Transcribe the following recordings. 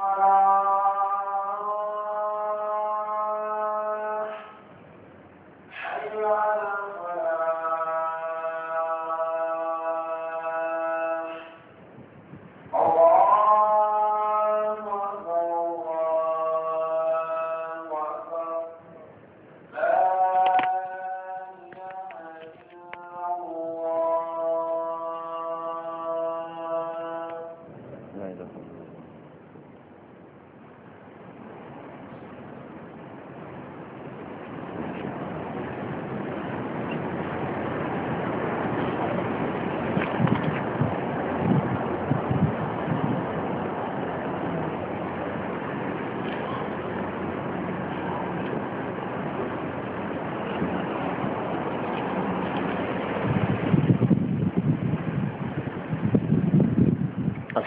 Uh,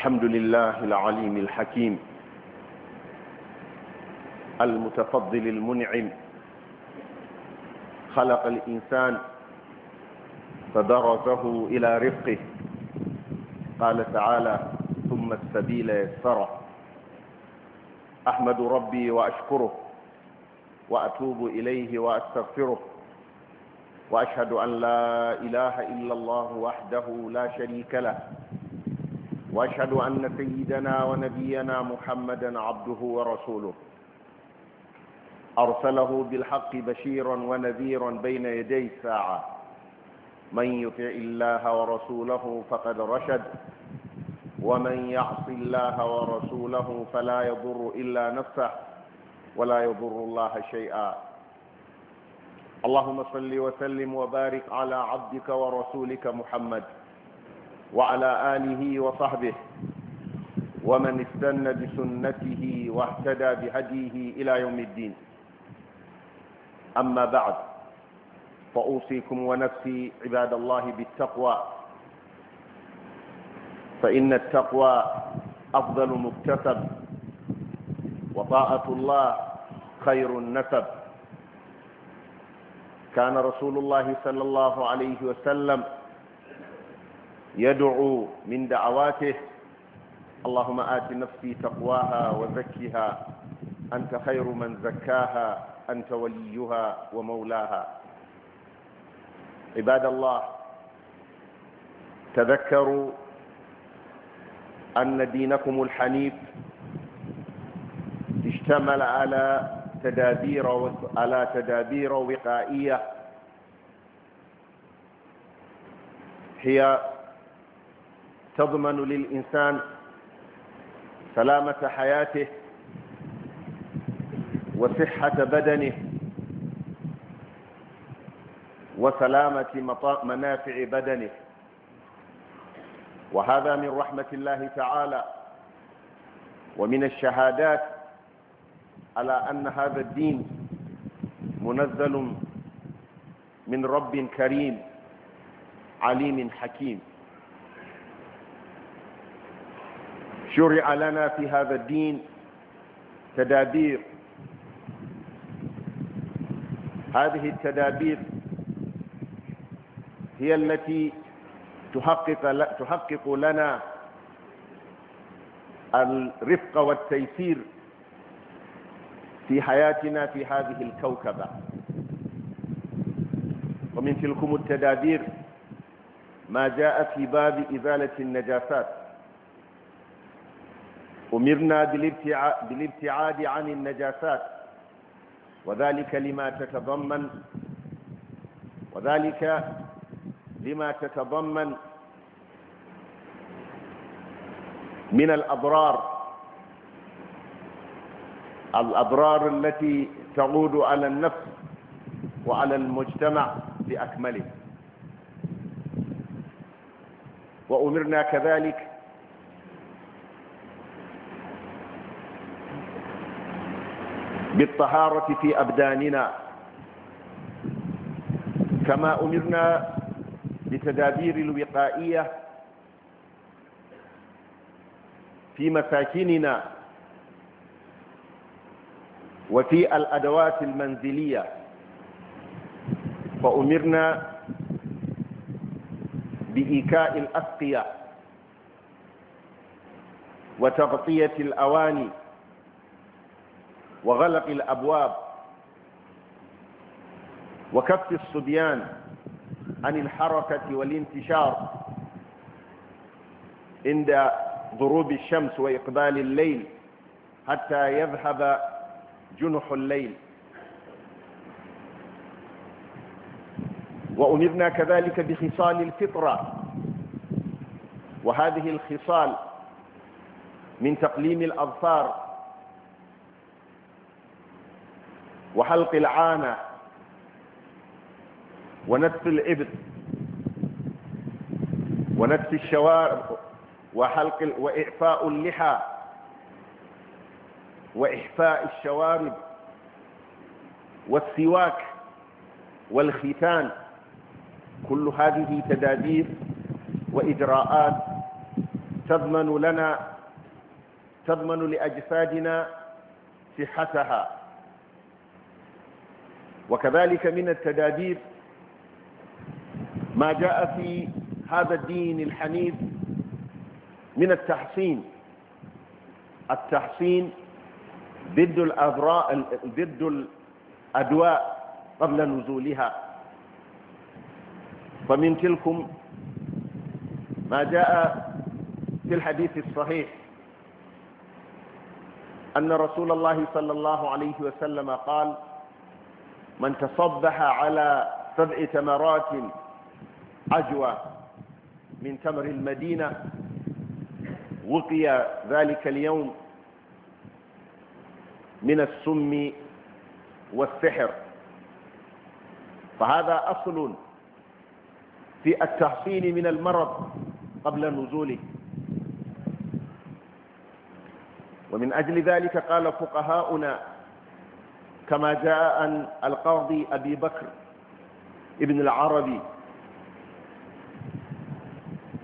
الحمد لله العليم الحكيم المتفضل المنعم خلق الإنسان فدرسه إلى رفقه قال تعالى ثم السبيل يسره أحمد ربي وأشكره وأتوب إليه وأستغفره وأشهد أن لا إله إلا الله وحده لا شريك له واشهد ان سيدنا ونبينا محمدا عبده ورسوله ارسله بالحق بشيرا ونذيرا بين يدي الساعه من يطع الله ورسوله فقد رشد ومن يعص الله ورسوله فلا يضر الا نفسه ولا يضر الله شيئا اللهم صل وسلم وبارك على عبدك ورسولك محمد وعلى آله وصحبه ومن استنى بسنته واهتدى بهديه إلى يوم الدين أما بعد فأوصيكم ونفسي عباد الله بالتقوى فإن التقوى أفضل مكتسب وطاعة الله خير النسب كان رسول الله صلى الله عليه وسلم يدعو من دعواته اللهم آت نفسي تقواها وزكها أنت خير من زكاها أنت وليها ومولاها عباد الله تذكروا أن دينكم الحنيف اشتمل على تدابير على تدابير وقائية هي تضمن للإنسان سلامة حياته وصحة بدنه وسلامة منافع بدنه وهذا من رحمة الله تعالى ومن الشهادات على أن هذا الدين منزل من رب كريم عليم حكيم شرع لنا في هذا الدين تدابير هذه التدابير هي التي تحقق تحقق لنا الرفق والتيسير في حياتنا في هذه الكوكبة ومن تلكم التدابير ما جاء في باب إزالة النجاسات أمرنا بالابتعاد عن النجاسات وذلك لما تتضمن وذلك لما تتضمن من الأضرار الأضرار التي تعود على النفس وعلى المجتمع بأكمله وأمرنا كذلك بالطهارة في أبداننا كما أمرنا بتدابير الوقائية في مساكننا وفي الأدوات المنزلية فأمرنا بإيكاء الأسقية وتغطية الأواني وغلق الأبواب وكف الصبيان عن الحركة والانتشار عند ضروب الشمس وإقبال الليل حتى يذهب جنح الليل وأمرنا كذلك بخصال الفطرة وهذه الخصال من تقليم الأظفار وحلق العانة ونتف الإبط ونتف الشوارب وحلق وإعفاء اللحى وإحفاء الشوارب والسواك والختان كل هذه تدابير وإجراءات تضمن لنا تضمن لأجسادنا صحتها وكذلك من التدابير ما جاء في هذا الدين الحنيف من التحصين التحصين ضد الأضراء ضد الأدواء قبل نزولها فمن تلكم ما جاء في الحديث الصحيح أن رسول الله صلى الله عليه وسلم قال من تصبح على سبع تمرات عجوة من تمر المدينة وقي ذلك اليوم من السم والسحر فهذا أصل في التحصين من المرض قبل نزوله ومن أجل ذلك قال فقهاؤنا كما جاء عن القاضي أبي بكر ابن العربي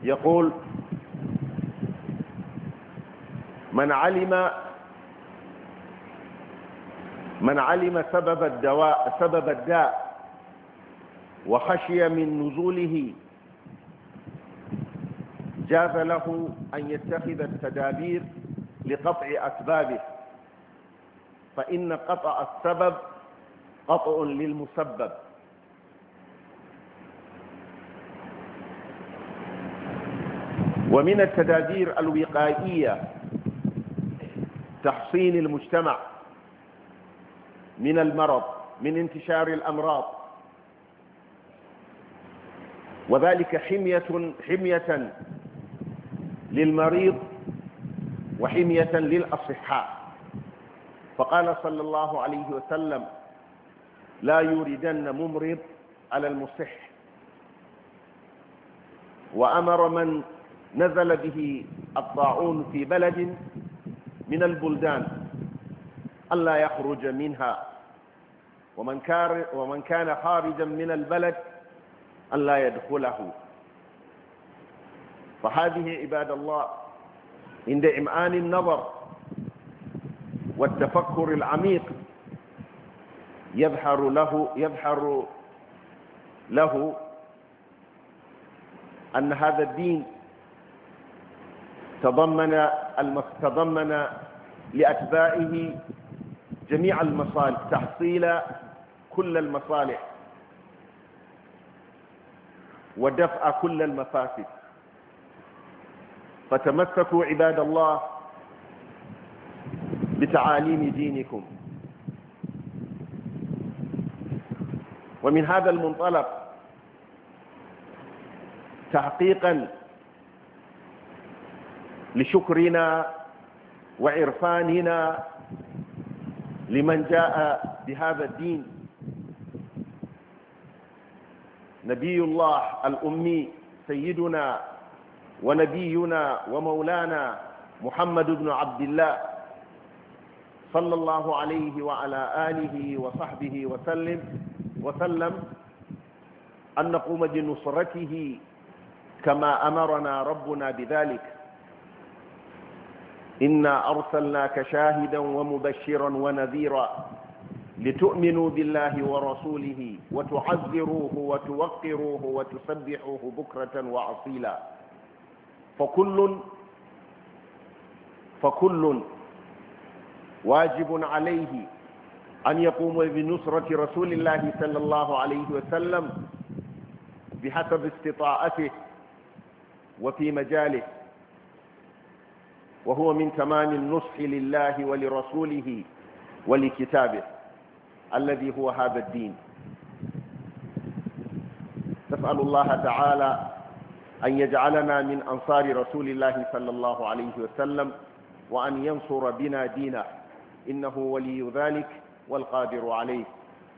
يقول من علم من علم سبب الدواء سبب الداء وخشي من نزوله جاز له أن يتخذ التدابير لقطع أسبابه فإن قطع السبب قطع للمسبب ومن التدابير الوقائية تحصين المجتمع من المرض من انتشار الأمراض وذلك حمية, حمية للمريض وحمية للأصحاء فقال صلى الله عليه وسلم لا يوردن ممرض على المصح وأمر من نزل به الطاعون في بلد من البلدان ألا يخرج منها ومن كان ومن كان خارجا من البلد ألا يدخله فهذه عباد الله عند إمعان النظر والتفكر العميق يظهر له يظهر له أن هذا الدين تضمن تضمن لأتباعه جميع المصالح تحصيل كل المصالح ودفع كل المفاسد فتمسكوا عباد الله بتعاليم دينكم ومن هذا المنطلق تحقيقا لشكرنا وعرفاننا لمن جاء بهذا الدين نبي الله الأمي سيدنا ونبينا ومولانا محمد بن عبد الله صلى الله عليه وعلى آله وصحبه وسلم وسلم أن نقوم بنصرته كما أمرنا ربنا بذلك إنا أرسلناك شاهدا ومبشرا ونذيرا لتؤمنوا بالله ورسوله وتعذروه وتوقروه وتسبحوه بكرة وأصيلا فكل فكل واجب عليه أن يقوم بنصرة رسول الله صلى الله عليه وسلم بحسب استطاعته وفي مجاله وهو من تمام النصح لله ولرسوله ولكتابه الذي هو هذا الدين نسأل الله تعالى أن يجعلنا من أنصار رسول الله صلى الله عليه وسلم وأن ينصر بنا دينه إنه ولي ذلك والقادر عليه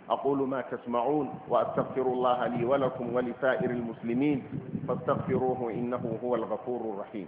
أقول ما تسمعون وأستغفر الله لي ولكم ولسائر المسلمين فاستغفروه إنه هو الغفور الرحيم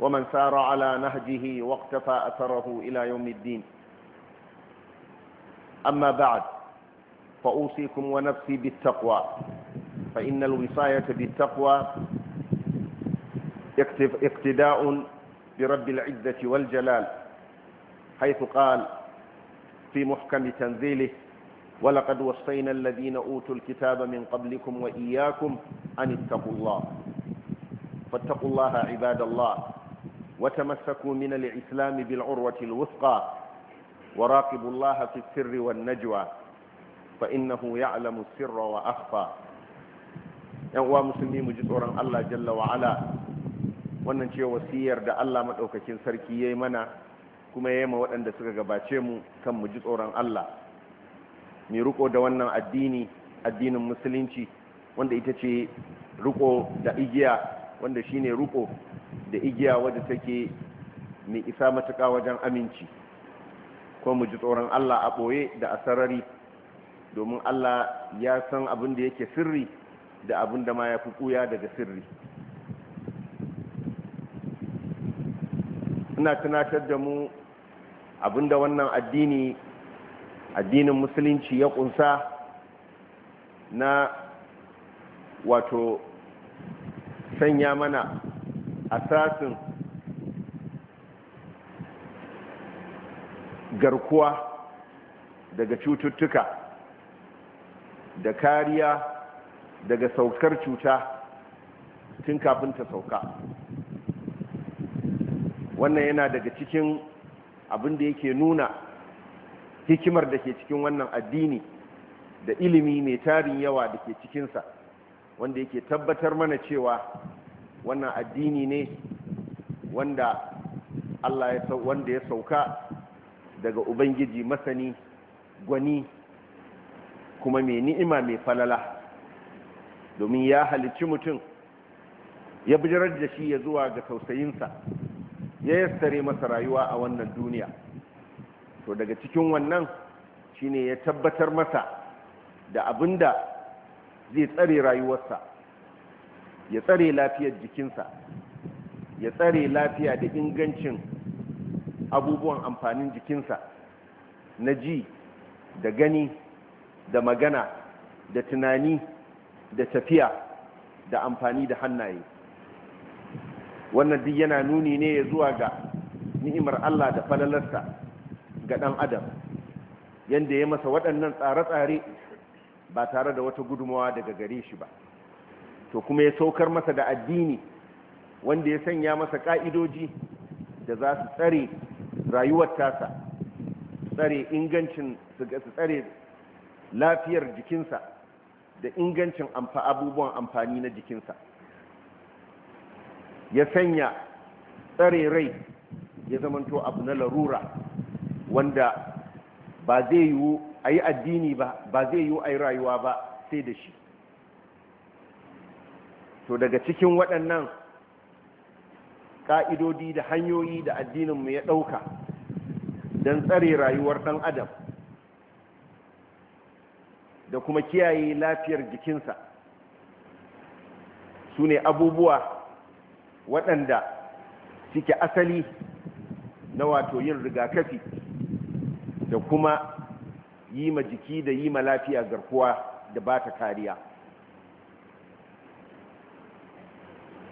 ومن سار على نهجه واقتفى أثره إلى يوم الدين أما بعد فأوصيكم ونفسي بالتقوى فإن الوصاية بالتقوى اقتداء برب العزة والجلال حيث قال في محكم تنزيله ولقد وصينا الذين أوتوا الكتاب من قبلكم وإياكم أن اتقوا الله فاتقوا الله عباد الله وتمسكوا من الإسلام بالعروة الوثقى وراقبوا الله في السر والنجوى فإنه يعلم السر وأخفى ينوى مسلمين مجدورا الله جل وعلا wannan ce wasiyar da Allah maɗaukakin sarki ya yi mana kuma ya yi ma waɗanda suka gabace mu kan mu ji tsoron Allah mai riko da wannan addini addinin musulunci wanda ita ce riko da igiya wanda shine ruko da igiya wadda take mai isa matuƙa wajen aminci ko mu ji tsoron Allah a ɓoye da a sarari domin Allah ya san abin da yake sirri da abin da ma ya fi ƙuya daga sirri ina tunatar da mu abin da wannan addini addinin musulunci ya ƙunsa na wato sanya mana asasin garkuwa daga cututtuka da kariya daga saukar cuta tun kafin ta sauka wannan yana daga cikin abin da yake nuna hikimar da ke cikin wannan addini da ilimi mai tarin yawa da ke cikinsa wanda yake tabbatar mana cewa wannan addini ne wanda Allah ya wanda ya sauka daga ubangiji masani gwani kuma mai ni'ima mai falala domin ya halicci mutum ya bijirar da shi ya zuwa ga tausayinsa ya yassare masa rayuwa a wannan duniya to daga cikin wannan shine ya tabbatar masa da abinda zai tsare rayuwarsa ya tsare lafiyar jikinsa ya tsare lafiya da ingancin abubuwan amfanin jikinsa na ji da gani da magana da tunani da tafiya da amfani da hannaye wannan duk yana nuni ne ya zuwa ga ni'imar Allah da falalarsa ga ɗan adam yadda ya masa waɗannan tsare-tsare ba tare da wata gudunmawa daga gare shi ba to kuma ya saukar masa da addini wanda ya sanya masa ka'idoji da za su tsare rayuwar tasa tsare ingancin su tsare lafiyar jikinsa da ingancin abubuwan amfani na jikinsa ya sanya tsare rai ya zamanto abu na larura wanda ba zai yiwu a yi addini ba ba zai yi a rayuwa ba sai da shi to daga cikin waɗannan ƙa'idodi da hanyoyi da addininmu ya ɗauka don tsare rayuwar ɗan adam da kuma kiyaye lafiyar jikinsa su ne abubuwa waɗanda suke asali na wato yin rigakafi da kuma yi ma jiki da yi ma lafiya garkuwa da ba ta kariya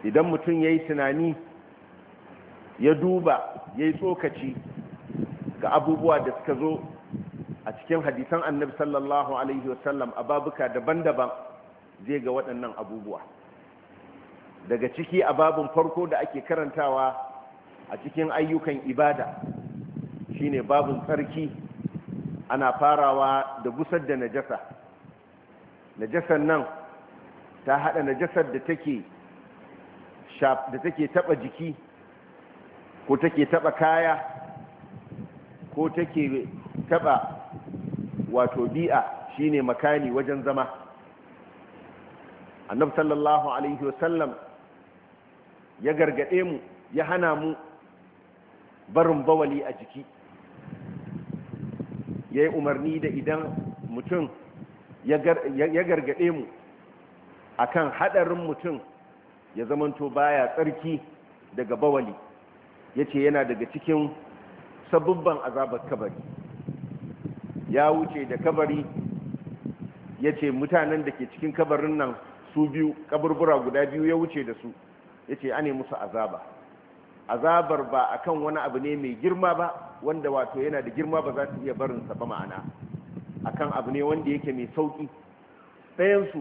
idan mutum ya yi tunani ya duba ya yi tsokaci ga abubuwa da suka zo a cikin hadisan annabi sallallahu alaihi wasallam a babuka daban-daban zai ga waɗannan abubuwa daga ciki a babin farko da ake karantawa a cikin ayyukan ibada shine babin tsarki ana farawa da gusar da najasa najasar nan ta hada najasar da take da take taba jiki ko take taba kaya ko take taba wato bi'a shine makani wajen zama annab sallallahu alaihi wasallam ya gargade mu ya hana mu barin bawali a jiki ya yi umarni da idan mutum ya gargaɗe mu a kan haɗarin mutum ya zamanto baya tsarki daga bawali ya ce yana daga cikin sabubban azabar kabari ya wuce da kabari ya ce mutanen da ke cikin kabarin nan su biyu kaburbura guda biyu ya wuce da su ya ce ane musu azaba azabar ba akan wani abu ne mai girma ba wanda wato yana da girma ba za su iya barinsa ba ma'ana akan abu ne wanda yake mai sauƙi ɗayansu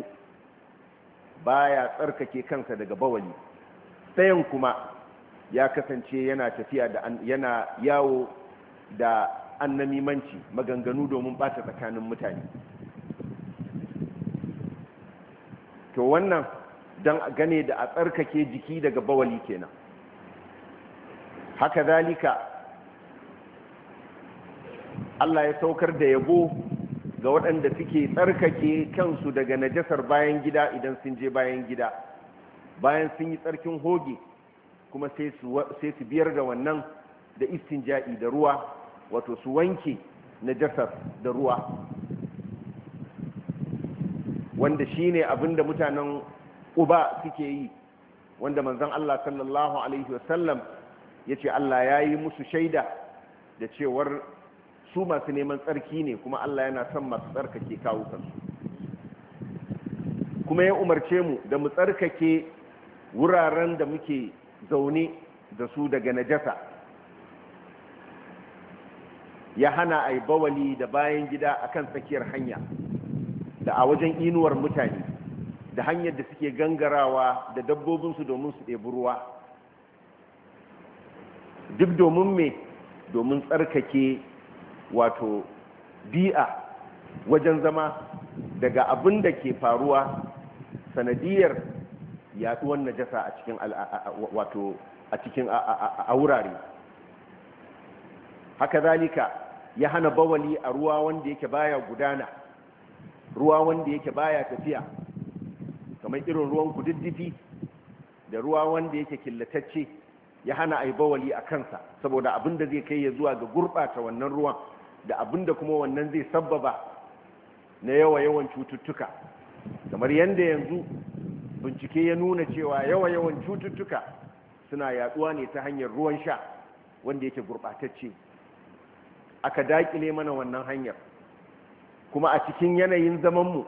ba ya tsarkake kansa daga bawali tsayan kuma ya kasance yana tafiya da yana yawo da annamimanci maganganu domin ɓata tsakanin mutane to wannan don gane da a tsarkake jiki daga bawali kenan haka zalika Allah ya saukar da yabo ga waɗanda suke tsarkake kansu daga najasar bayan gida idan sun je bayan gida bayan sun yi tsarkin hoge kuma sai su biyar da wannan da ja'i da ruwa wato su wanke najasar da ruwa wanda shine abinda mutanen uba suke yi wanda manzan Allah sallallahu alaihi wasallam ya ce Allah ya yi musu shaida da cewar su masu neman tsarki ne kuma Allah yana son masu tsarkake kansu kuma ya umarce mu da mu tsarkake wuraren da muke zaune da su daga najasa ya hana a bawali da bayan gida akan tsakiyar hanya da a wajen inuwar mutane da hanyar da suke gangarawa da dabbobinsu domin su ɗebi ruwa duk domin me domin tsarkake wato bi'a wajen zama daga abin da ke faruwa sanadiyar yaduwar najasa a cikin wato a cikin a wurare haka zalika ya hana bawali a ruwa wanda yake baya gudana ruwa wanda yake baya tafiya kamar irin ruwan kududdufi da ruwa wanda yake killatacce ya hana a bawali a kansa saboda abin da zai kai ya zuwa ga gurɓata wannan ruwan da abin da kuma wannan zai sabbaba na yawa-yawan cututtuka kamar yadda yanzu bincike ya nuna cewa yawa-yawan cututtuka suna yaduwa ne ta hanyar ruwan sha wanda yake gurɓatacce aka daƙile mana wannan hanyar kuma a cikin yanayin zamanmu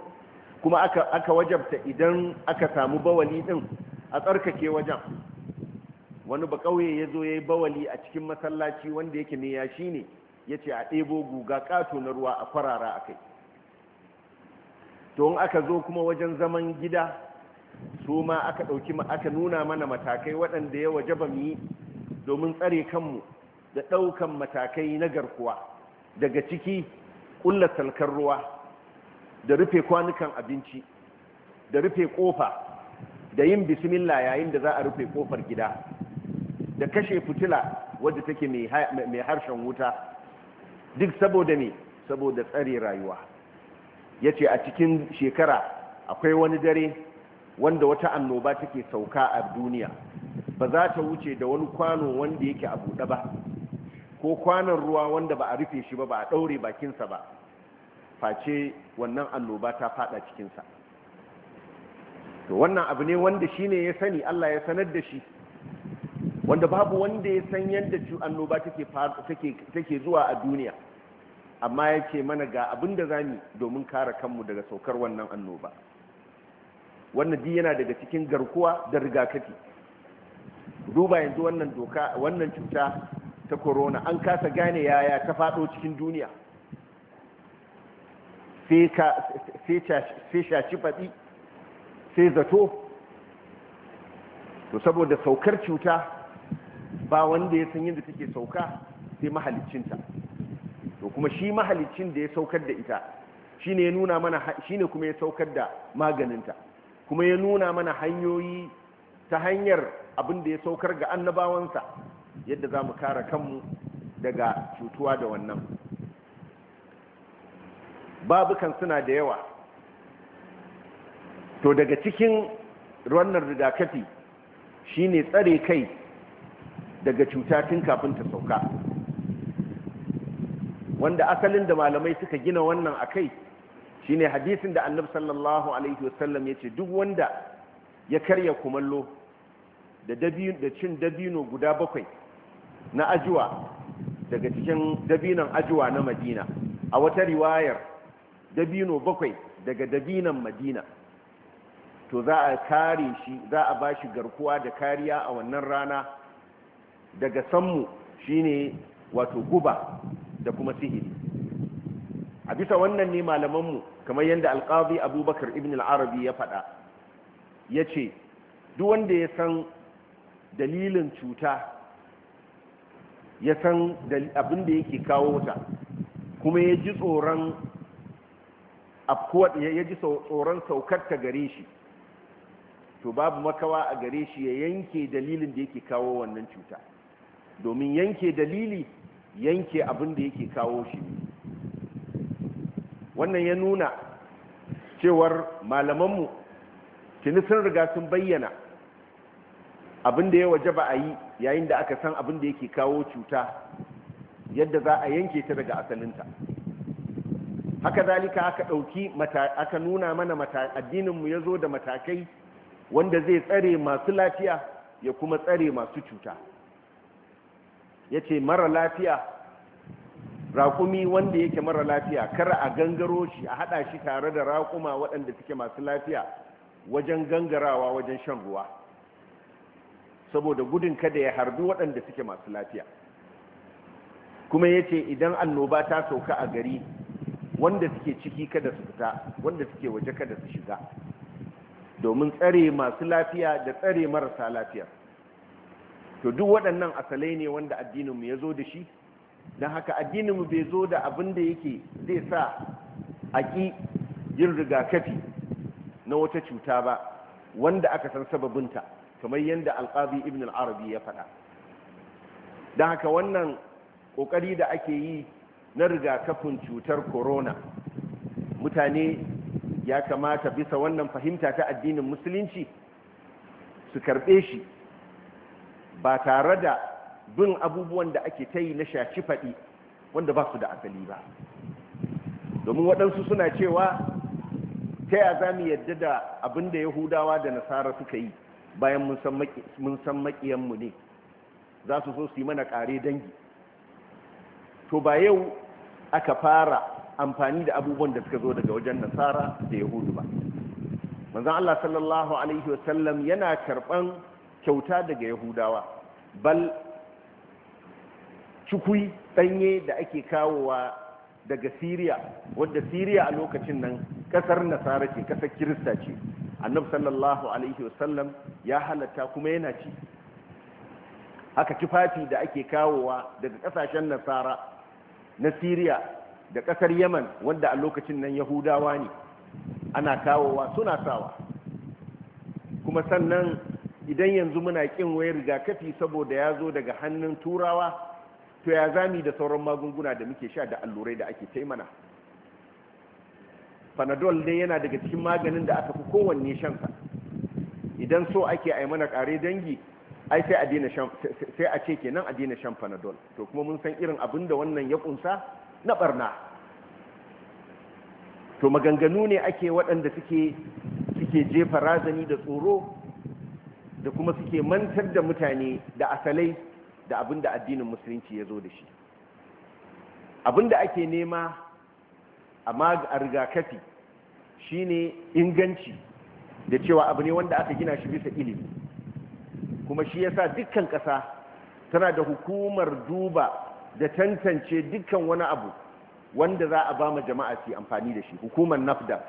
kuma aka wajabta idan aka samu bawali ɗin a tsarkake wajen wani ba kauye ya zo ya yi bawali a cikin masallaci wanda yake ya shi ne ya ce a ɗebo guga ƙato na ruwa a kwarara a kai to aka zo kuma wajen zaman gida su ma aka ɗauki ma aka nuna mana matakai waɗanda ya waje ba mu yi domin tsare kanmu da ɗaukan matakai na garkuwa daga ciki ƙulla salkar ruwa da rufe kwanukan abinci da rufe ƙofa da yin bismillah yayin da za a rufe ƙofar gida da kashe fitila wadda take mai harshen wuta duk saboda me saboda tsare rayuwa ya ce a cikin shekara akwai wani dare wanda wata annoba take sauka a duniya ba za ta wuce da wani kwano wanda yake a buɗe ba ko kwanon ruwa wanda ba a rufe shi ba ba a ɗaure bakinsa ba face wannan annoba ta faɗa cikinsa to wannan abu ne wanda shi ne ya sani allah ya sanar da shi wanda babu wanda ya san yadda annoba take zuwa a duniya amma ya ce mana ga abin da zami domin kare kanmu daga saukar wannan annoba wannan di yana daga cikin garkuwa da rigakafi duba yanzu wannan doka wannan cuta ta korona. an kasa gane yaya ta faɗo cikin duniya sai shaci faɗi sai zato to saboda saukar cuta ba wanda ya san yadda take sauka sai mahaliccinta to kuma shi mahaliccin da ya saukar da ita shine ya nuna mana shine kuma ya saukar da maganinta kuma ya nuna mana hanyoyi ta hanyar abin da ya saukar ga annabawansa yadda za mu kare kanmu daga cutuwa da wannan babukan suna da yawa to daga cikin wannan rigakafi shine tsare kai daga cuta tun kafin ta sauka wanda asalin da malamai suka gina wannan a kai shine hadisin da annabi sallallahu alaihi wasallam ya ce duk wanda ya karya kumallo da cin dabino guda bakwai na ajuwa daga cikin dabinon ajuwa na madina a wata riwayar dabino bakwai daga dabinon madina to za a kare shi za a ba shi garkuwa da kariya a wannan rana daga sammu shine wato guba da kuma sihiri a bisa wannan ne malamanmu kamar yadda alƙazi abubakar ibn al-arabi ya faɗa ya ce duk wanda ya san dalilin cuta ya san abin da yake kawo ta kuma ya ji tsoron ya ji tsoron saukar ta gare shi to babu makawa a gare shi ya yanke dalilin da yake kawo wannan cuta domin yanke dalili yanke abin da yake kawo shi wannan ya nuna cewar malamanmu tuni sun riga sun bayyana abin da ya waje ba a yi yayin da aka san abin da yake kawo cuta yadda za a yanke ta daga asalinta haka zalika aka ɗauki aka nuna mana addininmu ya zo da matakai wanda zai tsare masu lafiya ya kuma tsare masu cuta ya ce mara lafiya raƙumi wanda yake mara lafiya kar a gangaro shi a haɗa shi tare da raƙuma waɗanda suke masu lafiya wajen gangarawa wajen shan ruwa saboda gudun kada ya harbi waɗanda suke masu lafiya kuma ya ce idan annoba ta sauka a gari wanda suke ciki kada su fita wanda suke waje kada su shiga domin tsare masu lafiya da tsare marasa lafiyar to duk waɗannan asalai ne wanda addininmu ya zo da shi don haka addininmu bai zo da abin da yake zai sa a ƙi yin rigakafi na wata cuta ba wanda aka san sababinta kamar yadda alƙazi ibn al'arabi ya faɗa don haka wannan ƙoƙari da ake yi na rigakafin cutar corona mutane ya kamata bisa wannan fahimta ta addinin musulunci su karɓe shi ba tare da bin abubuwan da ake ta yi na shaci faɗi wanda ba su da asali ba domin waɗansu suna cewa ta ya za mu yadda da abin da yahudawa da nasara suka yi bayan mun san maƙiyanmu ne za su so su yi mana ƙare dangi to ba yau aka fara amfani da abubuwan da suka zo daga wajen nasara da yahudu ba manzan allah sallallahu alaihi wasallam yana karɓan kyauta daga yahudawa bal cikui ɗanye da ake kawowa daga siriya wadda siriya a lokacin nan ƙasar nasara ce ƙasar kirista ce annab sallallahu alaihi wasallam ya halatta kuma yana ci haka tufafi da ake kawowa daga ƙasashen nasara na siriya da ƙasar yaman wadda a lokacin nan yahudawa ne ana kawowa suna sawa kuma sannan idan yanzu muna kin wayar rigakafi saboda ya zo daga hannun turawa to ya zami da sauran magunguna da muke sha da allurai da ake taimana panadol ne yana daga cikin maganin da aka fi kowanne shansa idan so ake a mana kare dangi ai sai a ce kenan a daina shan panadol to kuma mun san irin abin da wannan ya kunsa na barna to maganganu ne ake waɗanda suke suke jefa razani da tsoro da kuma suke mantar da mutane da asalai da abin da addinin musulunci ya zo da shi abin da ake nema a rigakafi shine inganci da cewa abu ne wanda aka gina shi bisa ilimi kuma shi yasa dukkan ƙasa tana da hukumar duba da tantance dukkan wani abu wanda za a ba ma jama'a su amfani da shi hukumar nafda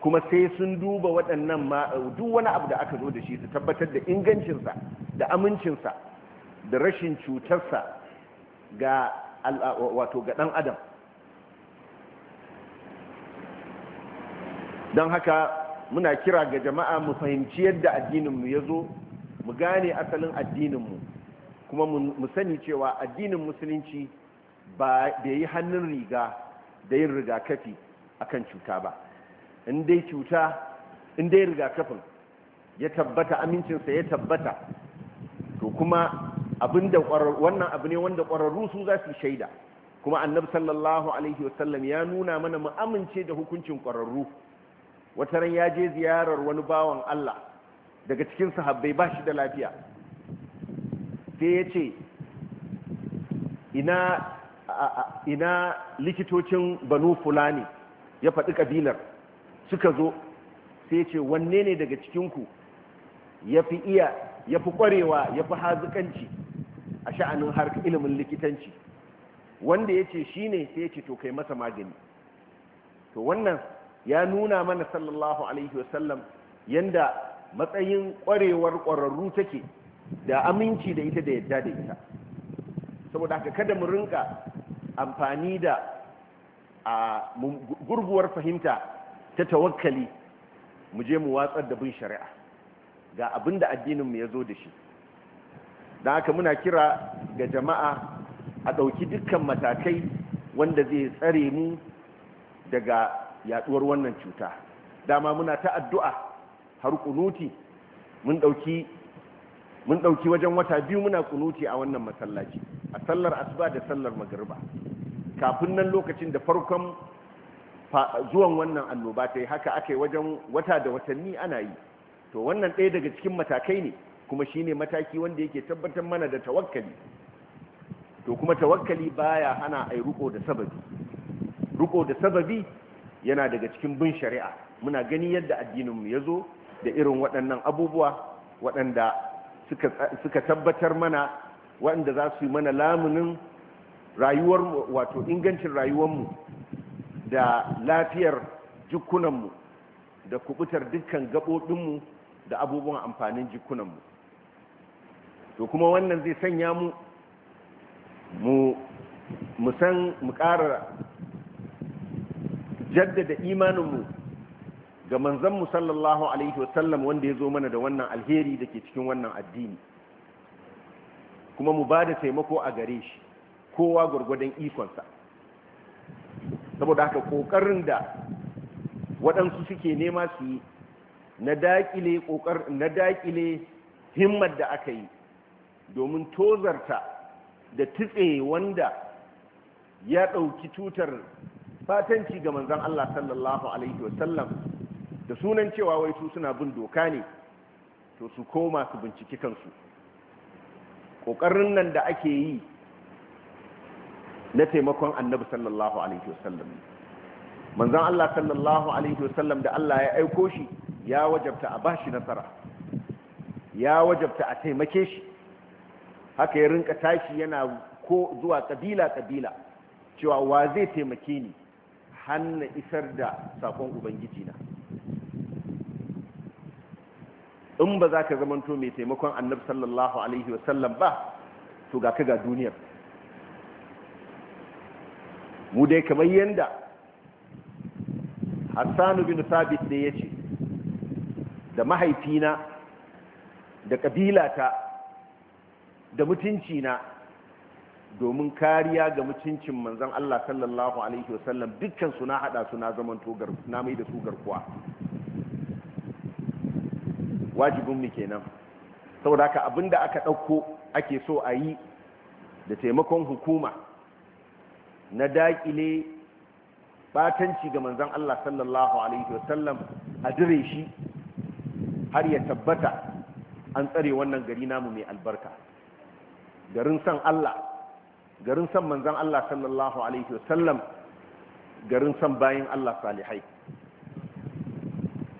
kuma sai sun duba waɗannan ma eh, duk wani abu da aka zo da shi su tabbatar da ingancinsa da amincinsa da rashin cutarsa ga wato ga ɗan adam don haka muna kira ga jama'a mu fahimci yadda addininmu ya zo mu gane asalin addininmu kuma mu sani cewa addinin musulunci ba da yi hannun riga da yin rigakafi akan cuta ba in dai cuta in dai rigakafin ya tabbata amincinsa ya tabbata to kuma wannan abu ne wanda kwararru su za su shaida kuma annabi sallallahu alaihi wasallam ya nuna mana mu amince da hukuncin ƙwararru wata ran ya je ziyarar wani bawan Allah daga cikin sahabbai ba shi da lafiya sai ya ce ina likitocin banu fulani ya faɗi ƙabilar suka zo sai ce wanne ne daga cikinku ya fi iya ya fi ƙwarewa ya fi hazikanci a sha'anin har ilimin likitanci wanda ya ce shi ne sai ce to kai masa magani to wannan ya nuna mana sallallahu alaihi wasallam yanda matsayin ƙwarewar ƙwararru take da aminci da ita da yadda da ita saboda haka kada mu rinka amfani da gurguwar fahimta ta tawakkali mu je mu watsar da bin shari'a ga abin da addininmu ya zo da shi don haka muna kira ga jama'a a ɗauki dukkan matakai wanda zai tsare mu daga yaduwar wannan cuta dama muna ta addu'a har kunuti mun ɗauki wajen wata biyu muna kunuti a wannan masallaci a sallar asuba da sallar magariba kafin nan lokacin da farkon zuwan wannan annoba ta yi haka aka yi wajen wata da watanni ana yi to wannan ɗaya daga cikin matakai ne kuma shi ne mataki wanda yake tabbatar mana da tawakkali to kuma tawakkali baya hana ai ruko da sababi ruko da sababi yana daga cikin bin shari'a muna gani yadda addininmu ya zo da irin waɗannan abubuwa waɗanda suka tabbatar mana waɗanda za su yi mana lamunin rayuwar wato ingancin rayuwar mu. da lafiyar jikunanmu da kubutar dukkan gaɓoɓinmu da abubuwan amfanin jikunanmu to kuma wannan zai sanya mu mu san mu ƙara jaddada imaninmu ga manzanmu sallallahu alaihi wasallam wanda ya zo mana da wannan alheri da ke cikin wannan addini kuma mu ba da taimako a gare shi kowa gwargwadon ikonsa saboda haka kokarin da waɗansu suke nema su yi na daƙile kokar na daƙile himmar da aka yi domin tozarta da tutse wanda ya ɗauki tutar fatanci ga manzon Allah sallallahu alaihi wasallam da sunan cewa wai su suna bin doka ne to su koma su binciki kansu Ƙoƙarin nan da ake yi na taimakon annabi sallallahu alaihi wasallam manzon Allah sallallahu alaihi wasallam da Allah ya aiko shi ya wajabta a bashi nasara ya wajabta a taimake shi haka ya rinka tashi yana ko zuwa kabila kabila cewa wa zai taimake ni hanna isar da sakon ubangiji na in ba za ka zamanto mai taimakon annabi sallallahu alaihi wasallam ba to ga ka ga duniyar mu dai kamar yanda hassanu bin sabit ne ya ce da mahaifina da ƙabilata da mutuncina domin kariya ga mutuncin manzan Allah sallallahu Alaihi wasallam dukkan suna hada suna zaman togar na mai da su garkuwa wajibinmu kenan saboda haka abinda aka ɗauko ake so a yi da taimakon hukuma na dakile batanci ga manzon Allah sallallahu alaihi wasallam a dire shi har ya tabbata an tsare wannan gari namu mai albarka garin san Allah garin san manzon Allah sallallahu alaihi wasallam garin san bayan Allah salihai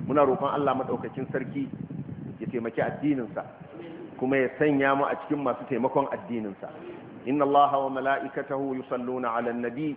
muna roƙon Allah maɗaukakin sarki ya taimaki addininsa kuma ya sanya mu a cikin masu taimakon addininsa إن الله وملائكته يصلون على النبي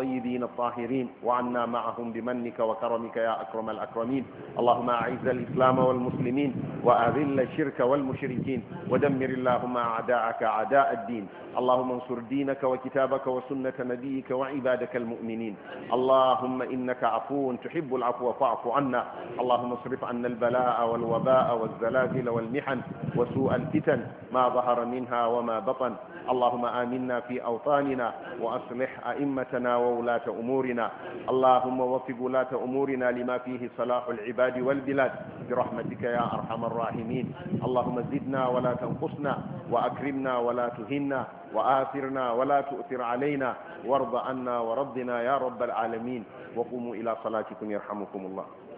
الطيبين الطاهرين وعنا معهم بمنك وكرمك يا أكرم الأكرمين اللهم أعز الإسلام والمسلمين وأذل الشرك والمشركين ودمر اللهم أعداءك أعداء الدين اللهم انصر دينك وكتابك وسنة نبيك وعبادك المؤمنين اللهم إنك عفو تحب العفو فاعف عنا اللهم اصرف عنا البلاء والوباء والزلازل والمحن وسوء الفتن ما ظهر منها وما بطن اللهم آمنا في أوطاننا وأصلح أئمتنا وولاة أمورنا اللهم وفق ولاة أمورنا لما فيه صلاح العباد والبلاد برحمتك يا أرحم الراحمين اللهم زدنا ولا تنقصنا وأكرمنا ولا تهنا وآثرنا ولا تؤثر علينا وارض عنا وردنا يا رب العالمين وقوموا إلى صلاتكم يرحمكم الله